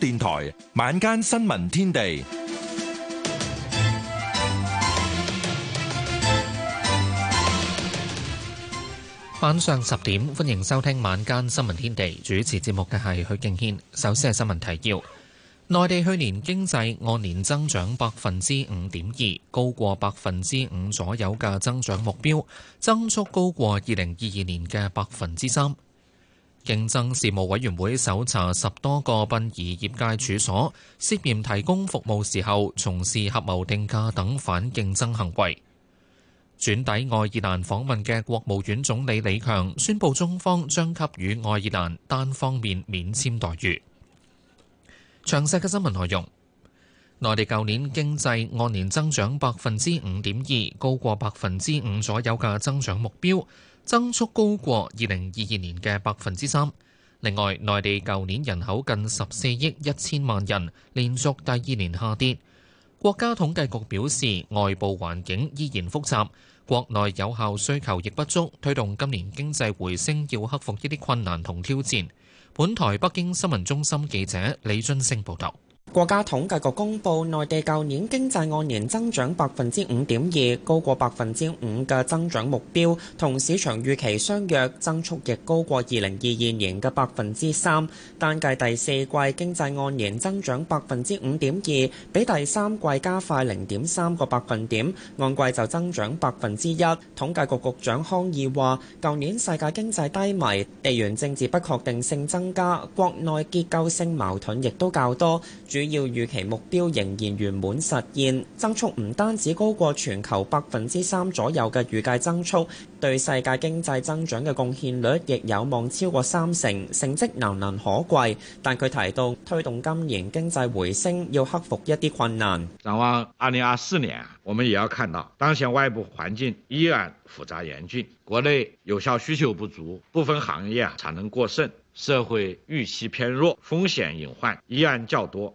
電台晚間新聞天地，晚上十點，歡迎收聽晚間新聞天地。主持節目嘅係許敬軒。首先係新聞提要：內地去年經濟按年增長百分之五點二，高過百分之五左右嘅增長目標，增速高過二零二二年嘅百分之三。競爭事務委員會搜查十多個殯儀業界處所，涉嫌提供服務時候從事合謀定價等反競爭行為。轉抵愛爾蘭訪問嘅國務院總理李強宣布，中方將給予愛爾蘭單方面免簽待遇。詳細嘅新聞內容。內地舊年經濟按年增長百分之五點二，高過百分之五左右嘅增長目標。增速高過二零二二年嘅百分之三。另外，內地舊年人口近十四億一千萬人，連續第二年下跌。國家統計局表示，外部環境依然複雜，國內有效需求亦不足，推動今年經濟回升要克服一啲困難同挑戰。本台北京新聞中心記者李俊升報道。國家統計局公布，內地舊年經濟按年增長百分之五點二，高過百分之五嘅增長目標，同市場預期相若，增速亦高過二零二二年嘅百分之三。單計第四季經濟按年增長百分之五點二，比第三季加快零點三個百分點，按季就增長百分之一。統計局局長康義話：舊年世界經濟低迷，地緣政治不確定性增加，國內結構性矛盾亦都較多。主要預期目標仍然圓滿實現，增速唔單止高過全球百分之三左右嘅預計增速，對世界經濟增長嘅貢獻率亦有望超過三成，成績難能可貴。但佢提到推動今年經濟回升要克服一啲困難。展望二零二四年，我們也要看到當前外部環境依然複雜嚴峻，國內有效需求不足，部分行業啊產能過剩，社會預期偏弱，風險隱患依然較多。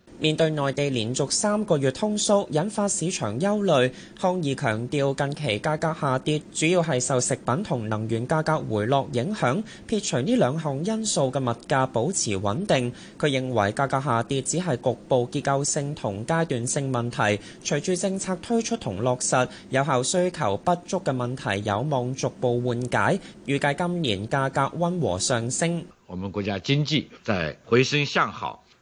面對內地連續三個月通縮，引發市場憂慮。康義強調，近期價格下跌主要係受食品同能源價格回落影響，撇除呢兩項因素嘅物價保持穩定。佢認為價格下跌只係局部結構性同階段性問題，隨住政策推出同落實，有效需求不足嘅問題有望逐步緩解。預計今年價格溫和上升。我們國家經濟在回升向好。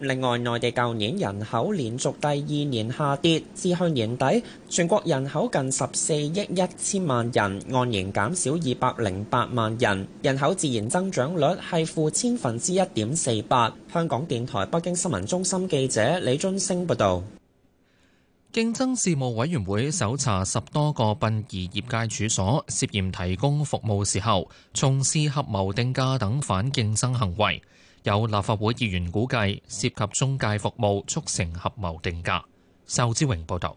另外，內地舊年人口連續第二年下跌，至去年底，全國人口近十四億一千萬人，按年減少二百零八萬人，人口自然增長率係負千分之一點四八。香港電台北京新聞中心記者李津升報道：競爭事務委員會搜查十多個殯儀業界處所，涉嫌提供服務時候，從事合謀定價等反競爭行為。有立法會議員估計涉及中介服務促成合謀定價。仇之榮報導。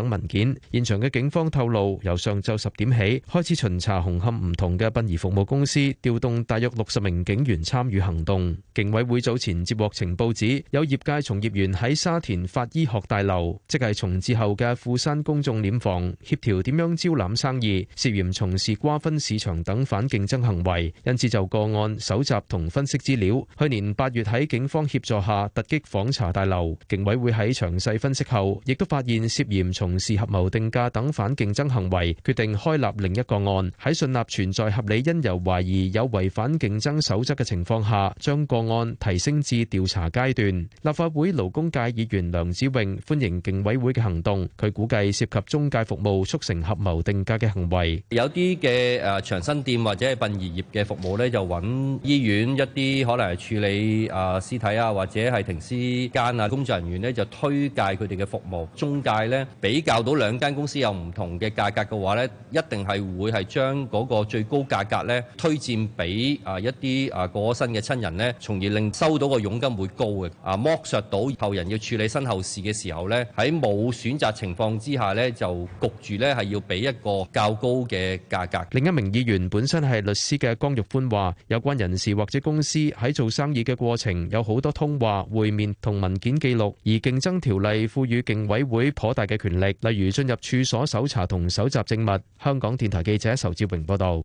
等文件，現場嘅警方透露，由上晝十點起開始巡查紅磡唔同嘅殯儀服務公司，調動大約六十名警員參與行動，警委會早前接獲情報指有業界從業員喺沙田法醫學大樓，即係重置後嘅富山公眾殮房，協調點樣招攬生意，涉嫌從事瓜分市場等反競爭行為，因此就個案搜集同分析資料。去年八月喺警方協助下突擊訪查大樓，警委會喺詳細分析後亦都發現涉嫌從從事合謀定價等反競爭行為，決定開立另一個案。喺信納存在合理因由，懷疑有違反競爭守則嘅情況下，將個案提升至調查階段。立法會勞工界議員梁子穎歡迎競委會嘅行動。佢估計涉及中介服務促成合謀定價嘅行為。有啲嘅誒長生店或者係殯儀業嘅服務咧，就揾醫院一啲可能係處理啊屍體啊或者係停屍間啊工作人員咧，就推介佢哋嘅服務。中介咧俾。比較到兩間公司有唔同嘅價格嘅話咧，一定係會係將嗰個最高價格咧推薦俾啊一啲啊過咗身嘅親人咧，從而令收到個佣金會高嘅啊，剝削到後人要處理身後事嘅時候咧，喺冇選擇情況之下咧就焗住咧係要俾一個較高嘅價格。另一名議員本身係律師嘅江玉歡話：有關人士或者公司喺做生意嘅過程有好多通話、會面同文件記錄，而競爭條例賦予競委會頗大嘅權力。例如進入處所搜查同搜集證物。香港電台記者仇志榮報道，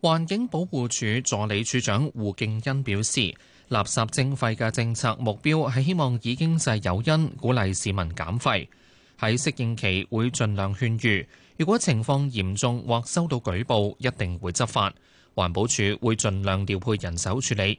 環境保護署助理署長胡敬恩表示，垃圾徵費嘅政策目標係希望以經濟誘因鼓勵市民減廢。喺適應期會盡量勸喻，如果情況嚴重或收到舉報，一定會執法。環保署會盡量調配人手處理。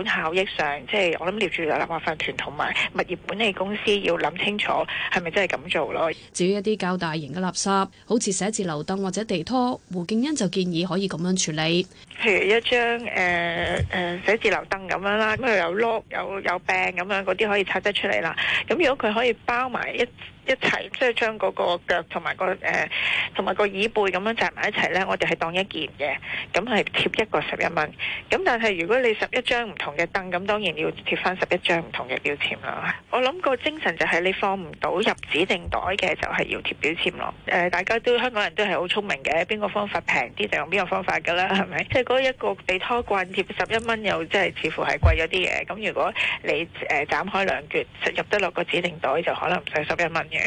效益上，即係我諗接住垃圾法團同埋物業管理公司要諗清楚，係咪真係咁做咯？至於一啲較大型嘅垃圾，好似寫字樓凳或者地拖，胡敬欣就建議可以咁樣處理，譬如一張誒誒寫字樓凳咁樣啦，咁佢有碌、有有柄咁樣嗰啲可以拆得出嚟啦。咁如果佢可以包埋一一齊即係將嗰個腳同埋個誒同埋個椅背咁樣紮埋一齊呢。我哋係當一件嘅，咁係貼一個十一蚊。咁但係如果你十一張唔同嘅凳，咁當然要貼翻十一張唔同嘅標籤啦。我諗個精神就係你放唔到入指定袋嘅就係要貼標籤咯。誒、呃，大家都香港人都係好聰明嘅，邊個方法平啲就用邊個方法噶啦，係咪？即係嗰一個地拖棍貼十一蚊，又即係似乎係貴咗啲嘅。咁如果你誒斬、呃、開兩橛入得落個指定袋，就可能唔使十一蚊嘅。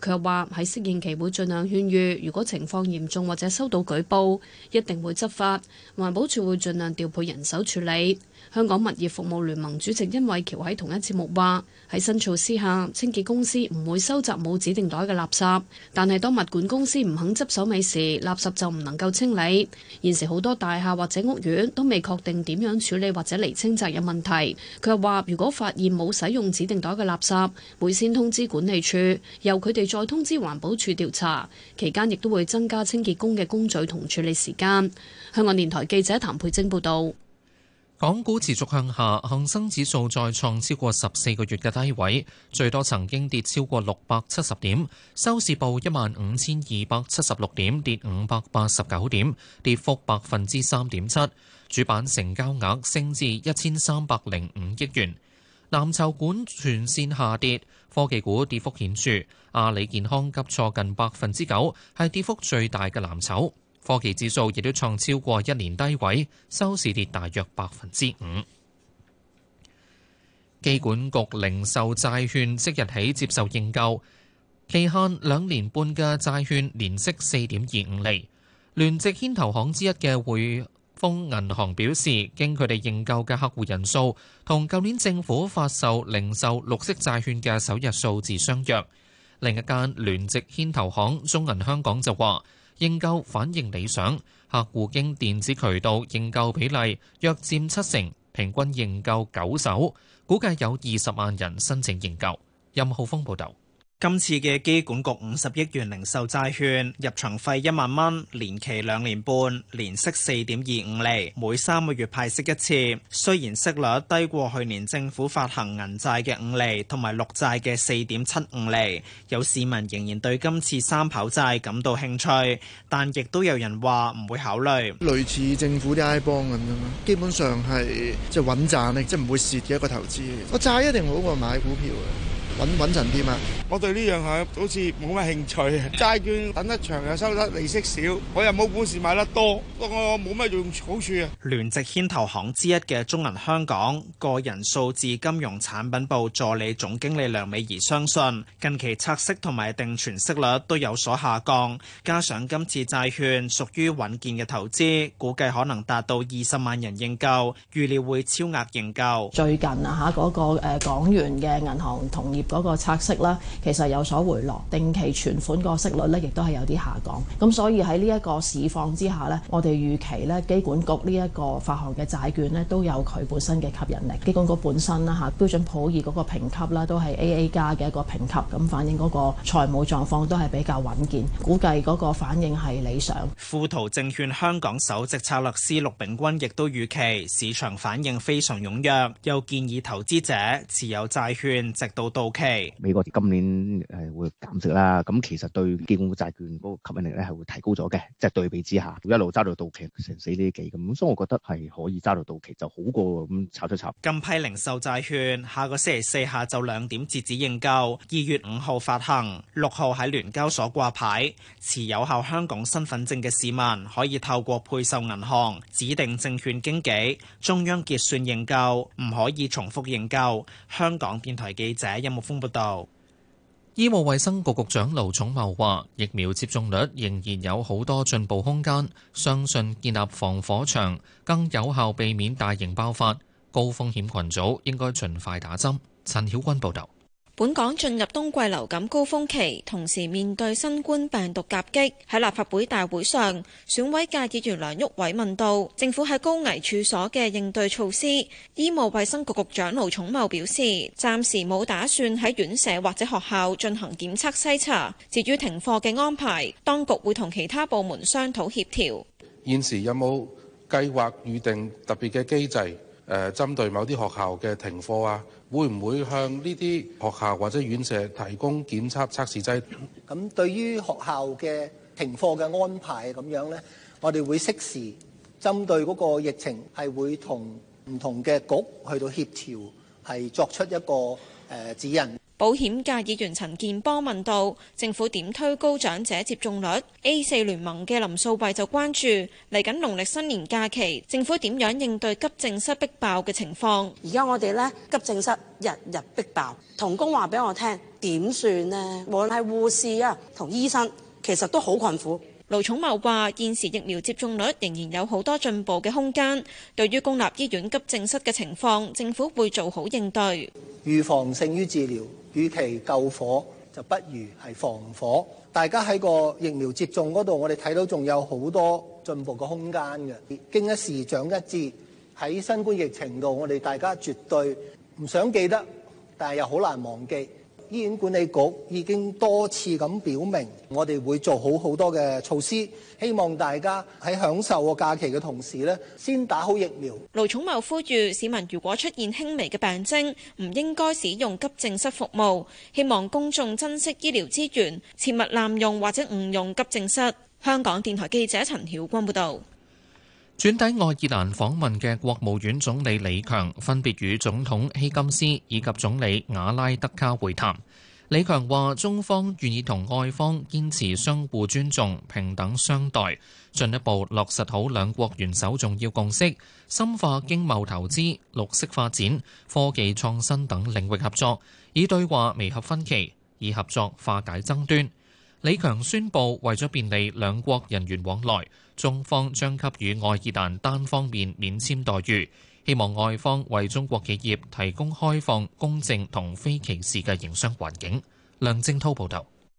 佢又話喺適應期會盡量勸喻，如果情況嚴重或者收到舉報，一定會執法。環保署會盡量調配人手處理。香港物業服務聯盟主席殷偉橋喺同一節目話，喺新措施下，清潔公司唔會收集冇指定袋嘅垃圾，但係當物管公司唔肯執手尾時，垃圾就唔能夠清理。現時好多大廈或者屋苑都未確定點樣處理或者厘清責任問題，佢又話如果發現冇使用指定袋嘅垃圾，會先通知管理處，由佢哋再通知環保署調查。期間亦都會增加清潔工嘅工序同處理時間，香港電台記者譚佩晶報道。港股持續向下，恒生指數再創超過十四個月嘅低位，最多曾經跌超過六百七十點，收市報一萬五千二百七十六點，跌五百八十九點，跌幅百分之三點七。主板成交額升至一千三百零五億元。藍籌股全線下跌，科技股跌幅顯著，阿里健康急挫近百分之九，係跌幅最大嘅藍籌。科技指數亦都創超過一年低位，收市跌大約百分之五。機管局零售債券即日起接受認購，期限兩年半嘅債券年息四點二五厘。聯席牽頭行之一嘅匯豐銀行表示，經佢哋認購嘅客戶人數同舊年政府發售零售綠色債券嘅首日數字相若。另一間聯席牽頭行中銀香港就話。認購反應理想，客戶經電子渠道認購比例約佔七成，平均認購九手，估計有二十萬人申請認購。任浩峰報導。今次嘅機管局五十億元零售債券，入場費一萬蚊，年期兩年半，年息四點二五厘，每三個月派息一次。雖然息率低過去年政府發行銀債嘅五厘，同埋綠債嘅四點七五厘，有市民仍然對今次三跑債感到興趣，但亦都有人話唔會考慮。類似政府啲 iBond 咁樣，基本上係即係穩賺，即係唔會蝕一個投資，個債一定好過買股票嘅穩穩陣啲啊！我對呢樣嘢好似冇乜興趣。債券等得長又收得利息少，我又冇本事買得多，不過我冇乜用好處啊！聯席牽頭行之一嘅中銀香港個人數字金融產品部助理總經理梁美儀相信，近期測息同埋定存息率都有所下降，加上今次債券屬於穩健嘅投資，估計可能達到二十萬人認購，預料會超額認購。最近啊嚇嗰個港元嘅銀行同業嗰個拆息啦，其實有所回落。定期存款個息率呢亦都係有啲下降。咁所以喺呢一個市況之下呢，我哋預期呢機管局呢一個發行嘅債券呢，都有佢本身嘅吸引力。機管局本身啦吓，標準普爾嗰個評級啦，都係 AA 加嘅一個評級，咁反映嗰個財務狀況都係比較穩健，估計嗰個反應係理想。富途證券香港首席策略師陸炳君亦都預期市場反應非常踴躍，又建議投資者持有債券直到到美國今年誒會減息啦，咁其實對政府債券嗰個吸引力咧係會提高咗嘅，即係對比之下一路揸到到期成四釐幾咁，所以我覺得係可以揸到到期就好過咁炒一炒。近批零售債券下個星期四下晝兩點截止認購，二月五號發行，六號喺聯交所掛牌，持有效香港身份證嘅市民可以透過配售銀行指定證券經紀中央結算認購，唔可以重複認購，香港電台記者音樂。風報道，醫務衛生局局長盧寵茂話，疫苗接種率仍然有好多進步空間，相信建立防火牆更有效避免大型爆發，高風險群組應該盡快打針。陳曉君報道。本港進入冬季流感高峰期，同時面對新冠病毒夾擊。喺立法會大會上，選委界議員梁毓偉問到，政府喺高危處所嘅應對措施。醫務衛生局局長盧寵茂表示：暫時冇打算喺院舍或者學校進行檢測篩查。至於停課嘅安排，當局會同其他部門商討協調。現時有冇計劃預定特別嘅機制？誒，針對某啲學校嘅停課啊，會唔會向呢啲學校或者院舍提供檢測測試劑？咁對於學校嘅停課嘅安排咁樣呢，我哋會適時針對嗰個疫情係會同唔同嘅局去到協調，係作出一個誒指引。保險界議員陳健波問道：政府點推高長者接種率？A4 聯盟嘅林素慧就關注嚟緊農曆新年假期，政府點樣應對急症室逼爆嘅情況？而家我哋呢急症室日日逼爆，同工話俾我聽點算呢？無論係護士啊同醫生，其實都好困苦。盧寵茂話：現時疫苗接種率仍然有好多進步嘅空間。對於公立醫院急症室嘅情況，政府會做好應對。預防勝於治療。與其救火，就不如係防火。大家喺個疫苗接種嗰度，我哋睇到仲有好多進步嘅空間嘅。經一事長一智，喺新冠疫情度，我哋大家絕對唔想記得，但係又好難忘記。醫院管理局已經多次咁表明，我哋會做好好多嘅措施，希望大家喺享受個假期嘅同時呢，先打好疫苗。盧寵茂呼籲市民如果出現輕微嘅病徵，唔應該使用急症室服務。希望公眾珍惜醫療資源，切勿濫用或者誤用急症室。香港電台記者陳曉君報道。轉抵愛爾蘭訪問嘅國務院總理李強，分別與總統希金斯以及總理瓦拉德卡會談。李強話：中方願意同外方堅持相互尊重、平等相待，進一步落實好兩國元首重要共識，深化經貿投資、綠色發展、科技創新等領域合作，以對話彌合分歧，以合作化解爭端。李強宣佈，為咗便利兩國人員往來。中方將給予愛爾蘭單方面免簽待遇，希望外方為中國企業提供開放、公正同非歧視嘅營商環境。梁正滔報導。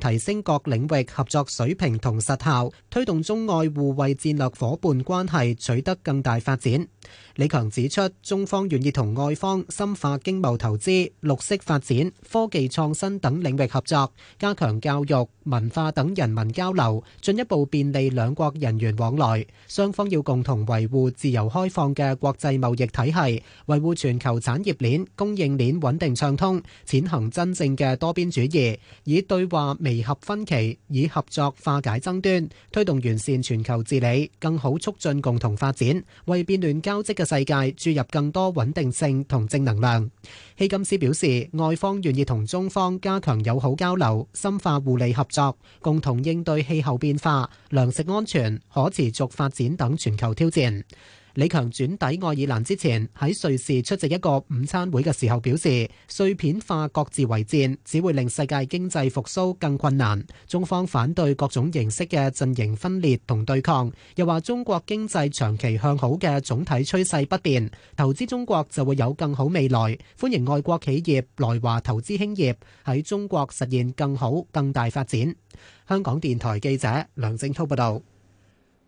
提升各領域合作水平同實效，推動中外互惠戰略夥伴關係取得更大發展。李強指出，中方願意同外方深化經貿投資、綠色發展、科技創新等領域合作，加強教育、文化等人民交流，進一步便利兩國人員往來。雙方要共同維護自由開放嘅國際貿易體系，維護全球產業鏈、供應鏈穩定暢通，踐行真正嘅多邊主義，以對話明合分歧，以合作化解爭端，推動完善全球治理，更好促進共同發展，為變亂交織嘅世界注入更多穩定性同正能量。希金斯表示，外方願意同中方加強友好交流，深化互利合作，共同應對氣候變化、糧食安全、可持續發展等全球挑戰。李強轉抵愛爾蘭之前，喺瑞士出席一個午餐會嘅時候，表示碎片化、各自為戰只會令世界經濟復蘇更困難。中方反對各種形式嘅陣營分裂同對抗，又話中國經濟長期向好嘅總體趨勢不變，投資中國就會有更好未來。歡迎外國企業來華投資興業，喺中國實現更好更大發展。香港電台記者梁正濤報道。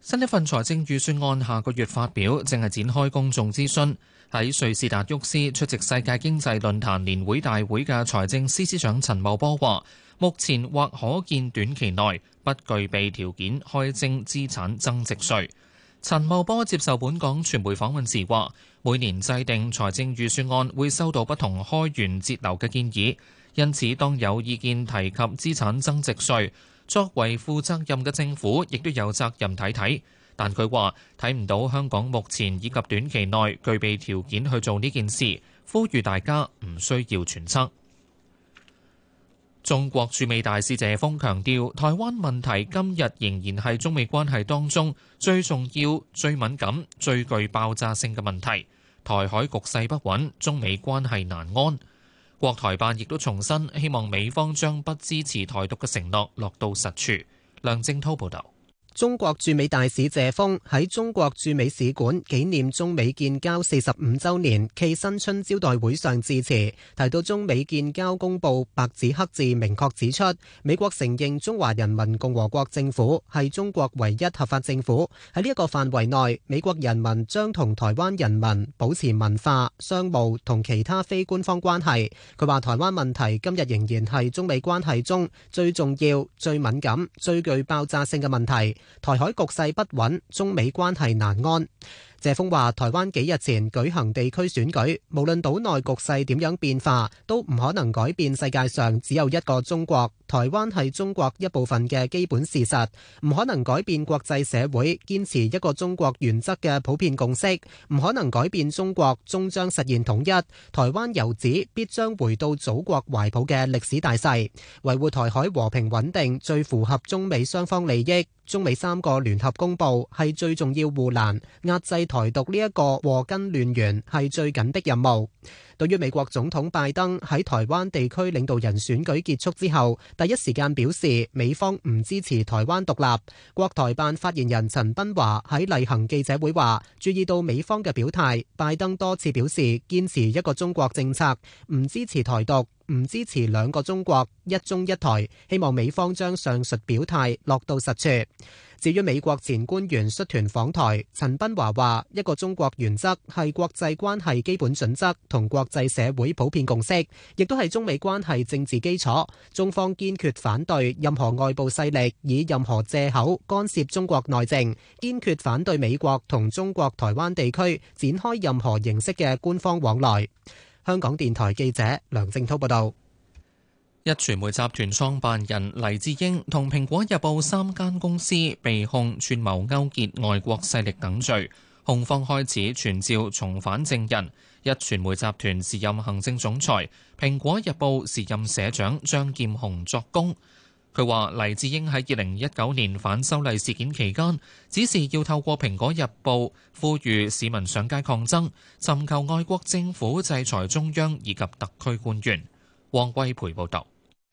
新一份財政預算案下個月發表，正係展開公眾諮詢。喺瑞士達沃斯出席世界經濟論壇年會大會嘅財政司司長陳茂波話，目前或可見短期內不具備條件開徵資產增值稅。陳茂波接受本港傳媒訪問時話，每年制定財政預算案會收到不同開源節流嘅建議，因此當有意見提及資產增值稅。作為負責任嘅政府，亦都有責任睇睇。但佢話睇唔到香港目前以及短期內具備條件去做呢件事，呼籲大家唔需要揣測。中國駐美大使謝峰強調，台灣問題今日仍然係中美關係當中最重要、最敏感、最具爆炸性嘅問題。台海局勢不穩，中美關係難安。國台辦亦都重申，希望美方將不支持台獨嘅承諾落到實處。梁正滔報導。中國駐美大使謝鋒喺中國駐美使館紀念中美建交四十五週年暨新春招待會上致辭，提到中美建交公報白紙黑字明確指出，美國承認中華人民共和國政府係中國唯一合法政府。喺呢一個範圍內，美國人民將同台灣人民保持文化、商務同其他非官方關係。佢話台灣問題今日仍然係中美關係中最重要、最敏感、最具爆炸性嘅問題。台海局勢不穩，中美關係難安。謝鋒話：台灣幾日前舉行地區選舉，無論島內局勢點樣變化，都唔可能改變世界上只有一個中國，台灣係中國一部分嘅基本事實，唔可能改變國際社會堅持一個中國原則嘅普遍共識，唔可能改變中國終將實現統一，台灣遊子必將回到祖國懷抱嘅歷史大勢。維護台海和平穩定，最符合中美雙方利益。中美三個聯合公佈係最重要護欄，壓制台獨呢一個禍根亂源係最緊嘅任務。對於美國總統拜登喺台灣地區領導人選舉結束之後，第一時間表示美方唔支持台灣獨立，國台辦發言人陳斌華喺例行記者會話，注意到美方嘅表態，拜登多次表示堅持一個中國政策，唔支持台獨，唔支持兩個中國，一中一台，希望美方將上述表態落到實處。至於美國前官員率團訪台，陳斌華話：一個中國原則係國際關係基本準則同國際社會普遍共識，亦都係中美關係政治基礎。中方堅決反對任何外部勢力以任何借口干涉中國內政，堅決反對美國同中國台灣地區展開任何形式嘅官方往來。香港電台記者梁正滔報道。一傳媒集團創辦人黎智英同《蘋果日報》三間公司被控串謀勾結外國勢力等罪，控方開始傳召重返證人。一傳媒集團時任行政總裁、《蘋果日報》時任社長張劍虹作供，佢話黎智英喺二零一九年反修例事件期間，只是要透過《蘋果日報》呼籲市民上街抗爭，尋求外國政府制裁中央以及特區官員。黃桂培報道。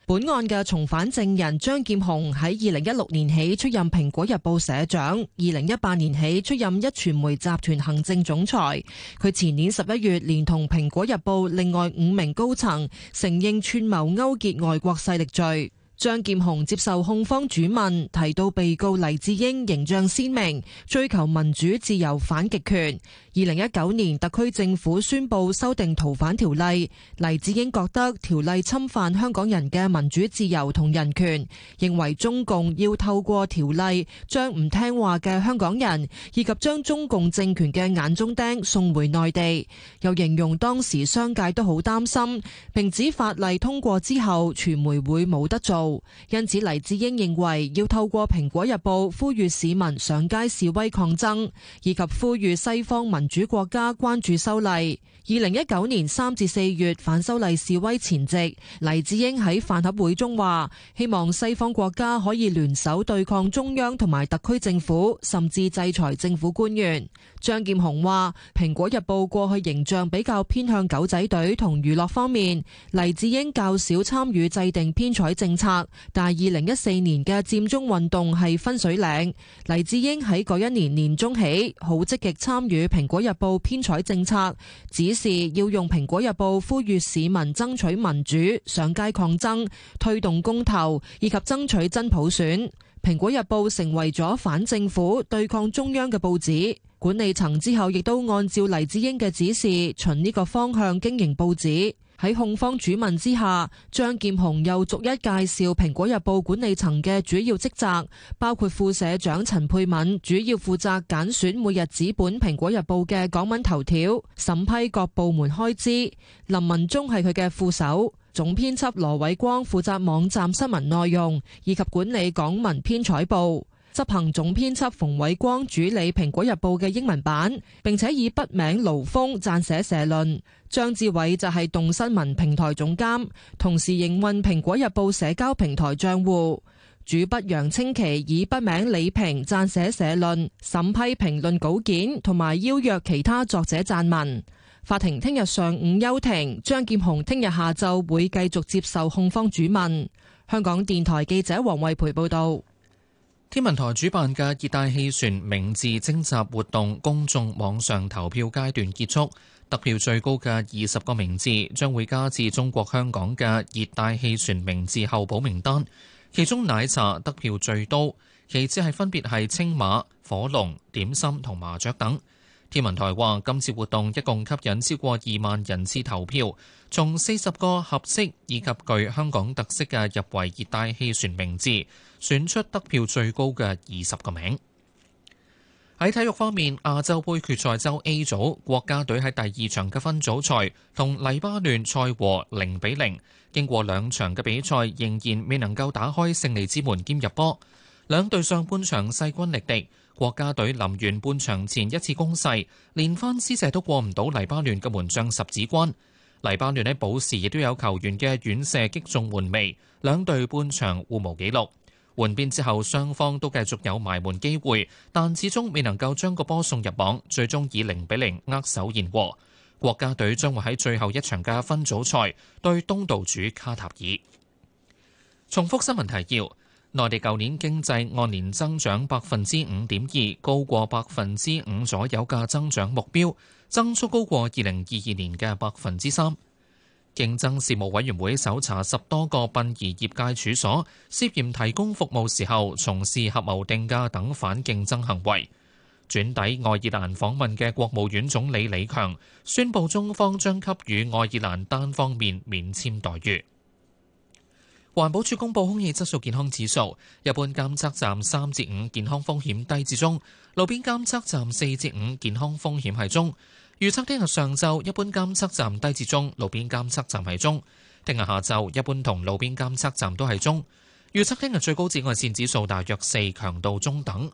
本案嘅重返證人張劍虹喺二零一六年起出任蘋果日報社長，二零一八年起出任壹傳媒集團行政總裁。佢前年十一月連同蘋果日報另外五名高層承認串謀勾結外國勢力罪。張劍虹接受控方主問，提到被告黎智英形象鮮明，追求民主自由反極權。二零一九年，特區政府宣布修訂逃犯條例，黎智英覺得條例侵犯香港人嘅民主自由同人權，認為中共要透過條例將唔聽話嘅香港人以及將中共政權嘅眼中釘送回內地。又形容當時商界都好擔心，停止法例通過之後，傳媒會冇得做。因此，黎智英認為要透過《蘋果日報》呼籲市民上街示威抗爭，以及呼籲西方民。主國家關注修例，二零一九年三至四月反修例示威前夕，黎智英喺飯盒會中話：希望西方國家可以聯手對抗中央同埋特區政府，甚至制裁政府官員。張劍虹話：《蘋果日報》過去形象比較偏向狗仔隊同娛樂方面，黎智英較少參與制定編採政策，但二零一四年嘅佔中運動係分水嶺，黎智英喺嗰一年年中起好積極參與蘋。《果日報》編採政策，指示要用《蘋果日報》呼籲市民爭取民主、上街抗爭、推動公投以及爭取真普選，《蘋果日報》成為咗反政府、對抗中央嘅報紙。管理層之後亦都按照黎智英嘅指示，循呢個方向經營報紙。喺控方主問之下，張劍虹又逐一介紹《蘋果日報》管理層嘅主要職責，包括副社長陳沛敏主要負責揀選每日紙本《蘋果日報》嘅港聞頭條、審批各部門開支。林文宗係佢嘅副手，總編輯羅偉光負責網站新聞內容以及管理港聞編採部。執行總編輯馮偉光主理《蘋果日報》嘅英文版，並且以筆名盧峰撰寫社論。張志偉就係動新聞平台總監，同時營運蘋果日報社交平台賬戶。主筆楊清奇以筆名李平撰寫社論，審批評論稿件，同埋邀約其他作者撰文。法庭聽日上午休庭，張劍虹聽日下晝會繼續接受控方主問。香港電台記者黃慧培報道。天文台主辦嘅熱帶氣旋名字徵集活動公眾網上投票階段結束。得票最高嘅二十個名字將會加至中國香港嘅熱帶氣旋名字候補名單，其中奶茶得票最多，其次係分別係青馬、火龍點心同麻雀等。天文台話今次活動一共吸引超過二萬人次投票，從四十個合適以及具香港特色嘅入圍熱帶氣旋名字，選出得票最高嘅二十個名。喺體育方面，亞洲杯決賽周 A 組國家隊喺第二場嘅分組賽同黎巴嫩賽和零比零，經過兩場嘅比賽仍然未能夠打開勝利之門兼入波。兩隊上半場勢均力敵，國家隊臨完半場前一次攻勢，連番施射都過唔到黎巴嫩嘅門將十指關。黎巴嫩喺保時亦都有球員嘅遠射擊中門楣，兩隊半場互無紀錄。換邊之後，雙方都繼續有埋門機會，但始終未能夠將個波送入網，最終以零比零握手言和。國家隊將會喺最後一場嘅分組賽對東道主卡塔爾。重複新聞提要：內地舊年經濟按年增長百分之五點二，高過百分之五左右嘅增長目標，增速高過二零二二年嘅百分之三。競爭事務委員會搜查十多個殯儀業界處所，涉嫌提供服務時候從事合謀定價等反競爭行為。轉抵愛爾蘭訪問嘅國務院總理李強，宣布中方將給予愛爾蘭單方面免簽待遇。環保署公布空氣質素健康指數，一般監測站三至五，健康風險低至中，路邊監測站四至五，健康風險係中。預測聽日上晝一般監測站低至中，路邊監測站係中。聽日下晝一般同路邊監測站都係中。預測聽日最高紫外線指數大約四，強度中等。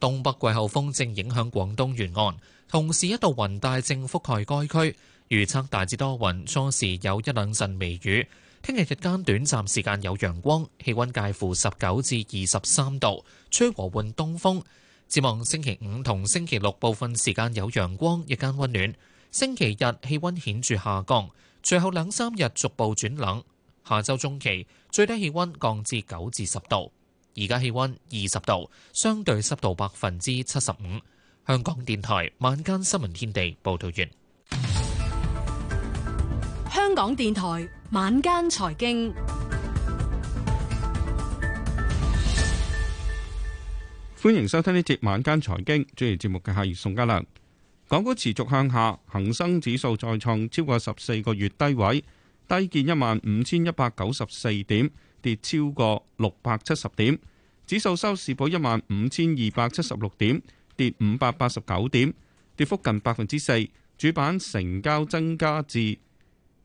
東北季候風正影響廣東沿岸，同時一道雲帶正覆蓋該區。預測大致多雲，初時有一兩陣微雨。聽日日間短暫時間有陽光，氣溫介乎十九至二十三度，吹和緩東風。展望星期五同星期六部分時間有陽光，日間溫暖。星期日氣溫顯著下降，隨後兩三日逐步轉冷。下周中期最低氣溫降至九至十度，而家氣溫二十度，相對濕度百分之七十五。香港電台晚間新聞天地報道完。香港電台晚間財經。歡迎收聽呢節晚間財經，主持節目嘅係宋嘉良。港股持續向下，恒生指數再創超過十四個月低位，低見一萬五千一百九十四點，跌超過六百七十點。指數收市報一萬五千二百七十六點，跌五百八十九點，跌幅近百分之四。主板成交增加至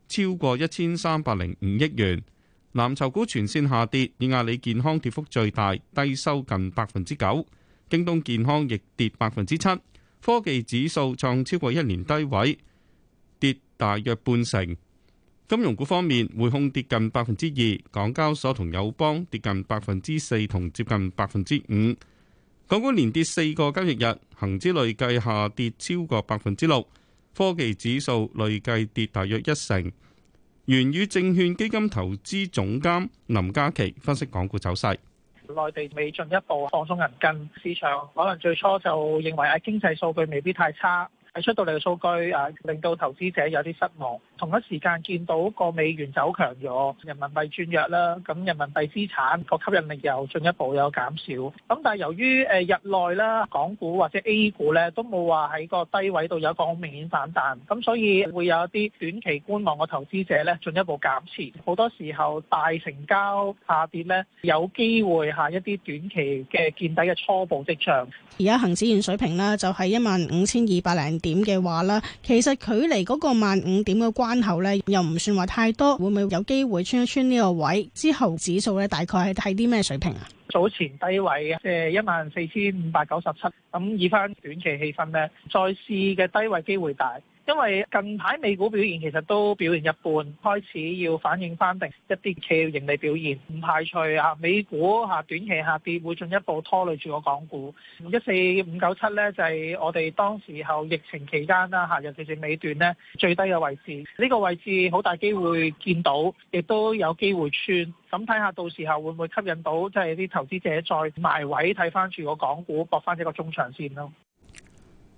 超過一千三百零五億元。藍籌股全線下跌，以阿里健康跌幅最大，低收近百分之九；京東健康亦跌百分之七。科技指數創超過一年低位，跌大約半成。金融股方面，匯控跌近百分之二，港交所同友邦跌近百分之四同接近百分之五。港股連跌四個交易日，恒指累計下跌超過百分之六，科技指數累計跌大約一成。源宇證券基金投資總監林嘉琪分析港股走勢：內地未進一步放鬆銀根，市場可能最初就認為啊經濟數據未必太差。係出到嚟嘅數據，誒令到投資者有啲失望。同一時間見到個美元走強咗，人民幣轉弱啦，咁人民幣資產個吸引力又進一步有減少。咁但係由於誒日內啦，港股或者 A 股咧都冇話喺個低位度有一個好明顯反彈，咁所以會有一啲短期觀望嘅投資者咧進一步減持。好多時候大成交下跌咧，有機會係一啲短期嘅見底嘅初步跡象。而家恒指現水平咧就係一萬五千二百零點嘅話咧，其實距離嗰個萬五點嘅關口咧，又唔算話太多，會唔會有機會穿一穿呢個位？之後指數咧，大概係睇啲咩水平啊？早前低位啊，即係一萬四千五百九十七，咁以翻短期氣氛咧，再試嘅低位機會大。因為近排美股表現其實都表現一半，開始要反映翻定一啲企業盈利表現，唔排除啊，美股嚇短期下跌會進一步拖累住個港股。一四五九七咧就係我哋當時候疫情期間啦嚇，尤其是尾段咧最低嘅位置，呢個位置好大機會見到，亦都有機會穿，咁睇下到時候會唔會吸引到即係啲投資者再埋位睇翻住個港股搏翻一個中長線咯。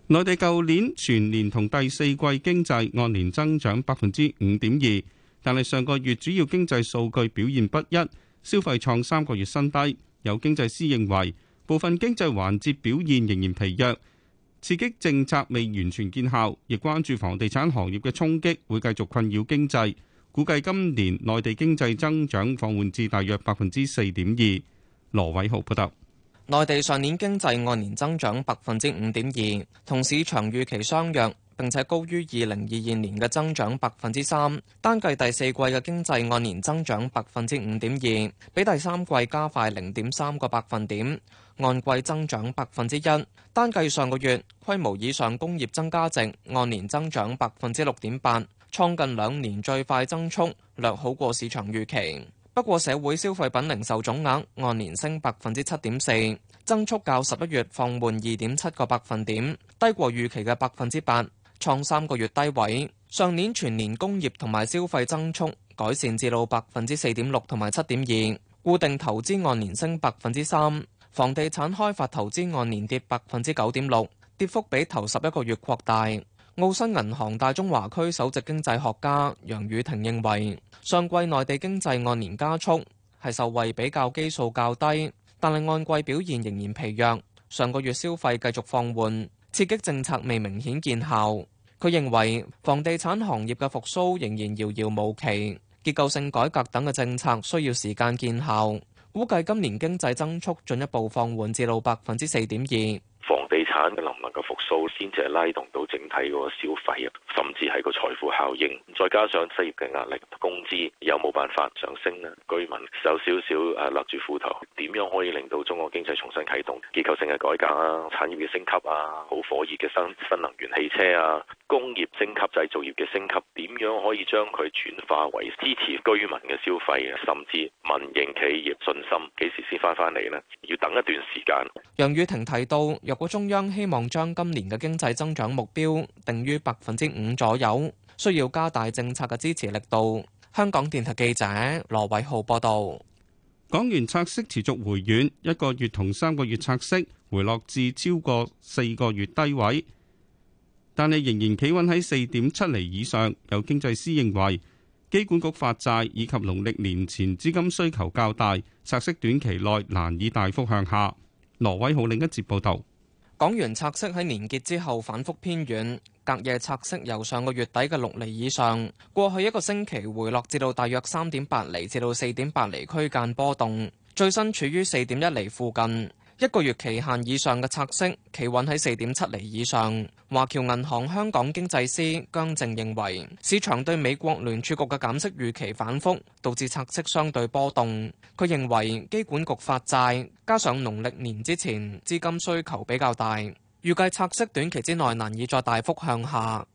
內地舊年全年同第四季經濟按年增長百分之五點二，但係上個月主要經濟數據表現不一，消費創三個月新低。有經濟師認為，部分經濟環節表現仍然疲弱，刺激政策未完全見效，亦關注房地產行業嘅衝擊會繼續困擾經濟。估計今年內地經濟增長放緩至大約百分之四點二。羅偉豪報道。內地上年經濟按年增長百分之五點二，同市場預期相若，並且高於二零二二年嘅增長百分之三。單計第四季嘅經濟按年增長百分之五點二，比第三季加快零點三個百分點，按季增長百分之一。單計上個月，規模以上工業增加值按年增長百分之六點八，創近兩年最快增速，略好過市場預期。不過社會消費品零售總額按年升百分之七點四，增速較十一月放緩二點七個百分點，低過預期嘅百分之八，創三個月低位。上年全年工業同埋消費增速改善至到百分之四點六同埋七點二，固定投資按年升百分之三，房地產開發投資按年跌百分之九點六，跌幅比頭十一個月擴大。澳新銀行大中華區首席經濟學家楊宇霆認為，上季內地經濟按年加速，係受惠比較基數較低，但係按季表現仍然疲弱。上個月消費繼續放緩，刺激政策未明顯見效。佢認為，房地產行業嘅復甦仍然遙遙無期，結構性改革等嘅政策需要時間見效。估計今年經濟增速進一步放緩至到百分之四點二。產嘅能唔能夠復甦先至係拉動到整體嗰個消費啊，甚至係個財富效應，再加上失業嘅壓力，工資有冇辦法上升咧，居民有少少誒勒住褲頭，點樣可以令到中國經濟重新啟動結構性嘅改革啊、產業嘅升級啊、好火熱嘅新新能源汽車啊、工業升級製造業嘅升級，點樣可以將佢轉化為支持居民嘅消費啊，甚至民營企業信心？幾時先翻返嚟咧？要等一段時間。楊雨婷提到，若果中央希望將今年嘅經濟增長目標定於百分之五左右，需要加大政策嘅支持力度。香港電台記者羅偉浩報道，港元拆息持續回軟，一個月同三個月拆息回落至超過四個月低位，但係仍然企穩喺四點七厘以上。有經濟師認為，機管局發債以及農曆年前資金需求較大，拆息短期內難以大幅向下。羅偉浩另一節報道。港元拆息喺年結之後反覆偏軟，隔夜拆息由上個月底嘅六厘以上，過去一個星期回落至到大約三點八厘至到四點八厘區間波動，最新處於四點一厘附近。一個月期限以上嘅拆息，企穩喺四點七厘以上。華僑銀行香港經濟師姜靜認為，市場對美國聯儲局嘅減息預期反覆，導致拆息相對波動。佢認為機管局發債，加上農曆年之前資金需求比較大，預計拆息短期之內難以再大幅向下。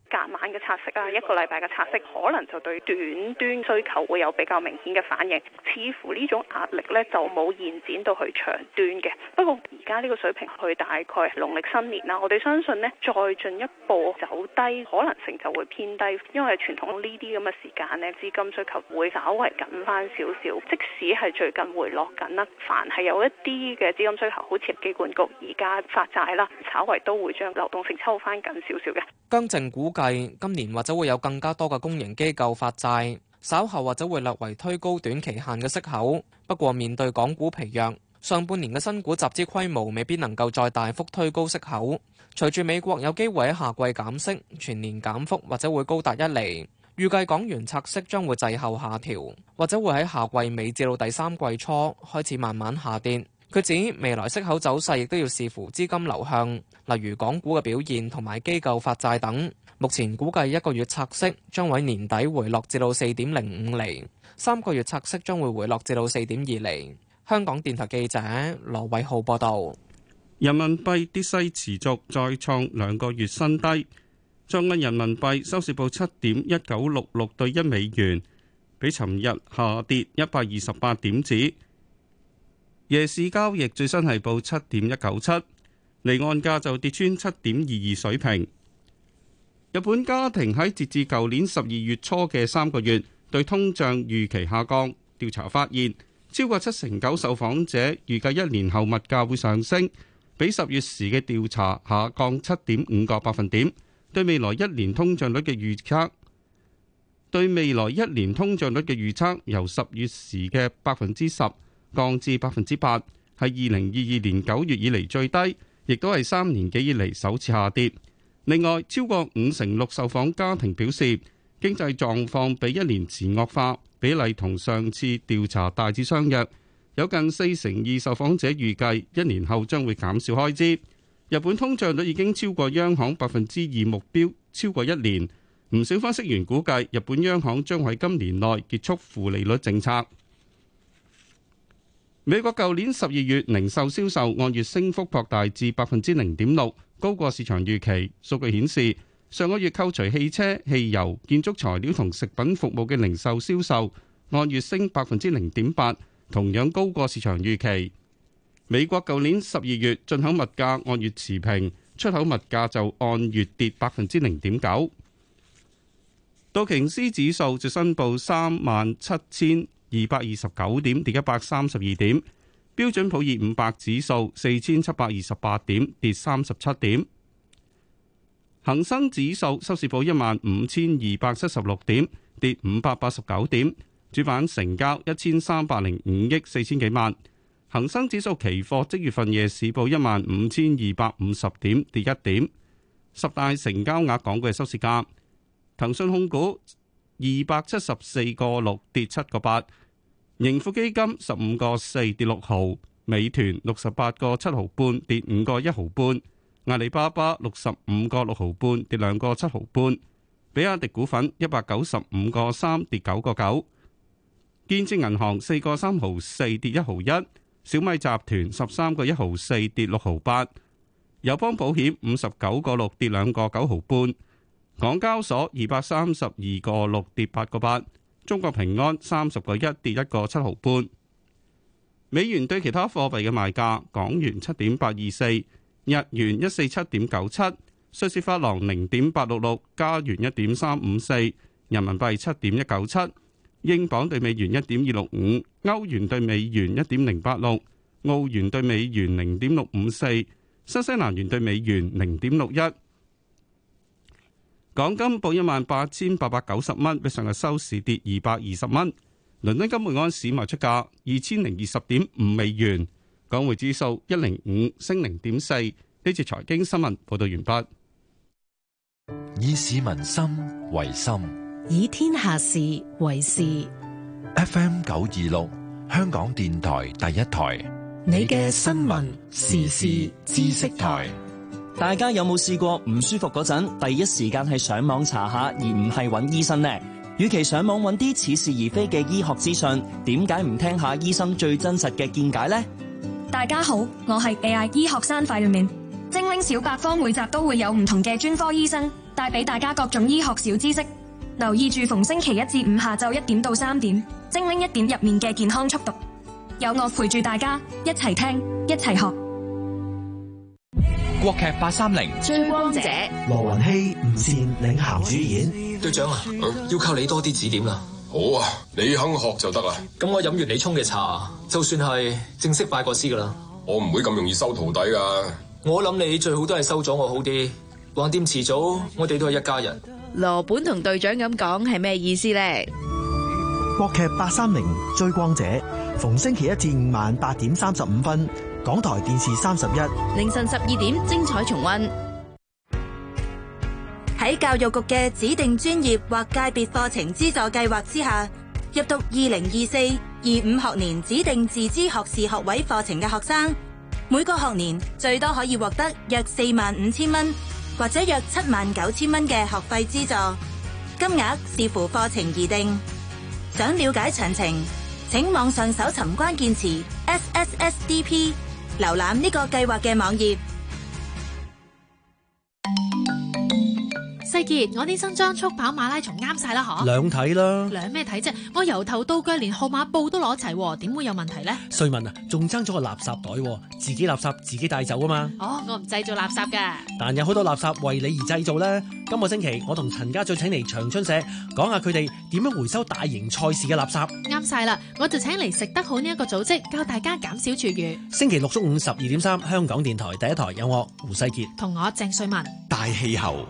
拆息啊，一個禮拜嘅拆息可能就對短端需求會有比較明顯嘅反應，似乎呢種壓力呢就冇延展到去長端嘅，不過而家呢個水平去大概農曆新年啦，我哋相信呢，再進一步走低可能性就會偏低，因為傳統呢啲咁嘅時間呢，資金需求會稍微緊翻少少，即使係最近回落緊啦，凡係有一啲嘅資金需求，好似機管局而家發債啦，稍微都會將流動性抽翻緊少少嘅。更正估計今年。或者會有更加多嘅公營機構發債，稍後或者會略為推高短期限嘅息口。不過面對港股疲弱，上半年嘅新股集資規模未必能夠再大幅推高息口。隨住美國有機會喺夏季減息，全年減幅或者會高達一厘，預計港元拆息將會滯後下調，或者會喺夏季尾至到第三季初開始慢慢下跌。佢指未來息口走勢亦都要視乎資金流向，例如港股嘅表現同埋機構發債等。目前估計一個月拆息將會年底回落至到四點零五釐，三個月拆息將會回落至到四點二釐。香港電台記者羅偉浩報道，人民幣跌勢持續，再創兩個月新低，在岸人民幣收市報七點一九六六對一美元，比尋日下跌一百二十八點子。夜市交易最新係報七點一九七，離岸價就跌穿七點二二水平。日本家庭喺截至舊年十二月初嘅三個月，對通脹預期下降。調查發現，超過七成九受訪者預計一年後物價會上升，比十月時嘅調查下降七點五個百分點。對未來一年通脹率嘅預測，對未來一年通脹率嘅預測由十月時嘅百分之十降至百分之八，係二零二二年九月以嚟最低，亦都係三年幾以嚟首次下跌。另外，超過五成六受訪家庭表示經濟狀況比一年前惡化，比例同上次調查大致相若。有近四成二受訪者預計一年後將會減少開支。日本通脹率已經超過央行百分之二目標超過一年。唔少分析員估計，日本央行將喺今年內結束負利率政策。美國舊年十二月零售銷售按月升幅擴大至百分之零點六。高過市場預期。數據顯示，上個月扣除汽車、汽油、建築材料同食品服務嘅零售銷售，按月升百分之零點八，同樣高過市場預期。美國舊年十二月進口物價按月持平，出口物價就按月跌百分之零點九。道瓊斯指數就申報三萬七千二百二十九點，跌一百三十二點。標準普爾五百指數四千七百二十八點，跌三十七點。恒生指數收市報一萬五千二百七十六點，跌五百八十九點。主板成交一千三百零五億四千幾萬。恒生指數期貨即月份夜市報一萬五千二百五十點，跌一點。十大成交額港股嘅收市價，騰訊控股二百七十四個六，跌七個八。盈富基金十五個四跌六毫，美團六十八個七毫半跌五個一毫半，阿里巴巴六十五個六毫半跌兩個七毫半，比亞迪股份一百九十五個三跌九個九，建設銀行四個三毫四跌一毫一，小米集團十三個一毫四跌六毫八，友邦保險五十九個六跌兩個九毫半，港交所二百三十二個六跌八個八。中國平安三十個一跌一個七毫半。美元對其他貨幣嘅賣價：港元七點八二四，日元一四七點九七，瑞士法郎零點八六六，加元一點三五四，人民幣七點一九七，英鎊對美元一點二六五，歐元對美元一點零八六，澳元對美元零點六五四，新西蘭元對美元零點六一。港金報一萬八千八百九十蚊，比上日收市跌二百二十蚊。倫敦金每盎司賣出價二千零二十點五美元。港匯指數一零五升零點四。呢次財經新聞報道完畢。以市民心為心，以天下事為事。F M 九二六，香港電台第一台，你嘅新聞時事知識台。大家有冇試過唔舒服嗰陣，第一時間係上網查下，而唔係揾醫生呢？與其上網揾啲似是而非嘅醫學資訊，點解唔聽下醫生最真實嘅見解呢？大家好，我係 AI 醫學生快入面精靈小百科，每集都會有唔同嘅專科醫生帶俾大家各種醫學小知識。留意住逢星期一至五下晝一點到三點，精靈一點入面嘅健康速讀，有我陪住大家一齊聽，一齊學。國劇八三零追光者，羅雲熙吳倩領銜主演。隊長啊，要靠你多啲指點啦。好啊，你肯學就得啦。咁我飲完你沖嘅茶，就算係正式拜過師噶啦。我唔會咁容易收徒弟噶。我諗你最好都係收咗我好啲，橫掂遲早我哋都係一家人。羅本同隊長咁講係咩意思咧？國劇八三零追光者，逢星期一至五晚八點三十五分。港台電視三十一，凌晨十二點精彩重溫。喺教育局嘅指定專業或界別課程資助計劃之下，入讀二零二四二五學年指定自資學士學位課程嘅學生，每個學年最多可以獲得約四萬五千蚊或者約七萬九千蚊嘅學費資助，金額視乎課程而定。想了解詳情，請網上搜尋關鍵詞 SSSDP。瀏覽呢個計劃嘅網頁。世杰，我呢身裝速跑馬拉松啱曬啦，嗬、嗯？兩睇啦，兩咩睇啫？我由頭到腳連號碼布都攞齊，點會有問題呢？瑞文啊，仲爭咗個垃圾袋，自己垃圾自己帶走啊嘛！哦，我唔製造垃圾噶，但有好多垃圾為你而製造呢。今個星期我同陳家俊請嚟長春社講下佢哋點樣回收大型賽事嘅垃圾。啱曬啦，我就請嚟食得好呢一個組織教大家減少廚餘。星期六中午十二點三，香港電台第一台有我胡世杰同我鄭瑞文，大氣候。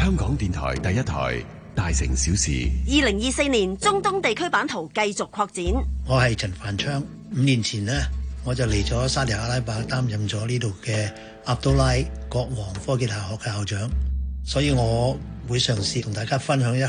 香港電台第一台《大城小事》。二零二四年中東地區版圖繼續擴展。 我係陳凡昌。五年前呢，我就嚟咗沙特阿拉伯，擔任咗呢度嘅阿杜拉國王科技大學嘅校長，所以我會嘗試同大家分享一下。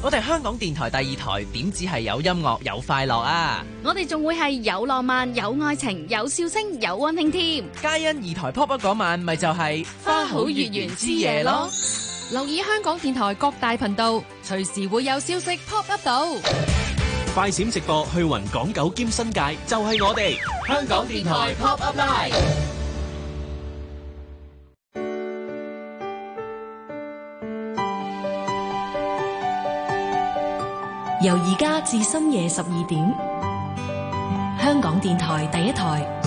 我哋香港電台第二台點止係有音樂有快樂啊！我哋仲會係有浪漫有愛情有笑聲有溫馨添。皆因二台 pop up 嗰晚咪就係、是、花好月圓之夜咯。留意香港電台各大頻道，隨時會有消息 pop up 到。快閃直播去雲港九兼新界，就係、是、我哋香港電台 pop up live。由而家至深夜十二點，香港電台第一台。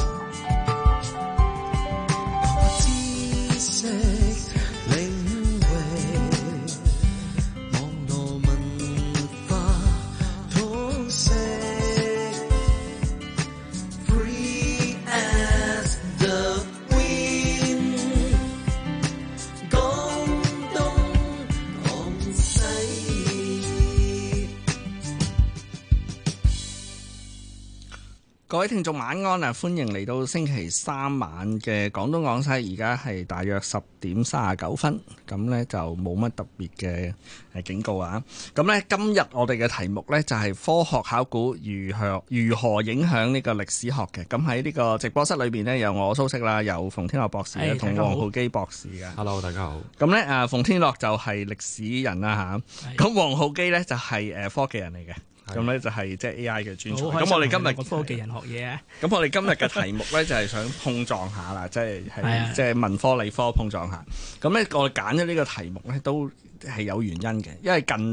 各位聽眾晚安啊！歡迎嚟到星期三晚嘅廣東廣西，而家係大約十點三十九分。咁呢就冇乜特別嘅誒警告啊！咁呢今日我哋嘅題目呢，就係科學考古如何如何影響呢個歷史學嘅。咁喺呢個直播室裏邊呢，有我蘇軾啦，有馮天樂博士同黃 Hey, 浩基博士嘅。Hello，大家好。咁呢，誒，馮天樂就係歷史人啦吓。咁黃 Hey. 浩基呢，就係誒科技人嚟嘅。咁咧就係即係 AI 嘅專才。咁我哋今日科技人學嘢啊！咁 我哋今日嘅題目咧就係想碰撞下啦，即係係，即係文科理科碰撞下。咁咧我揀咗呢個題目咧都係有原因嘅，因為近。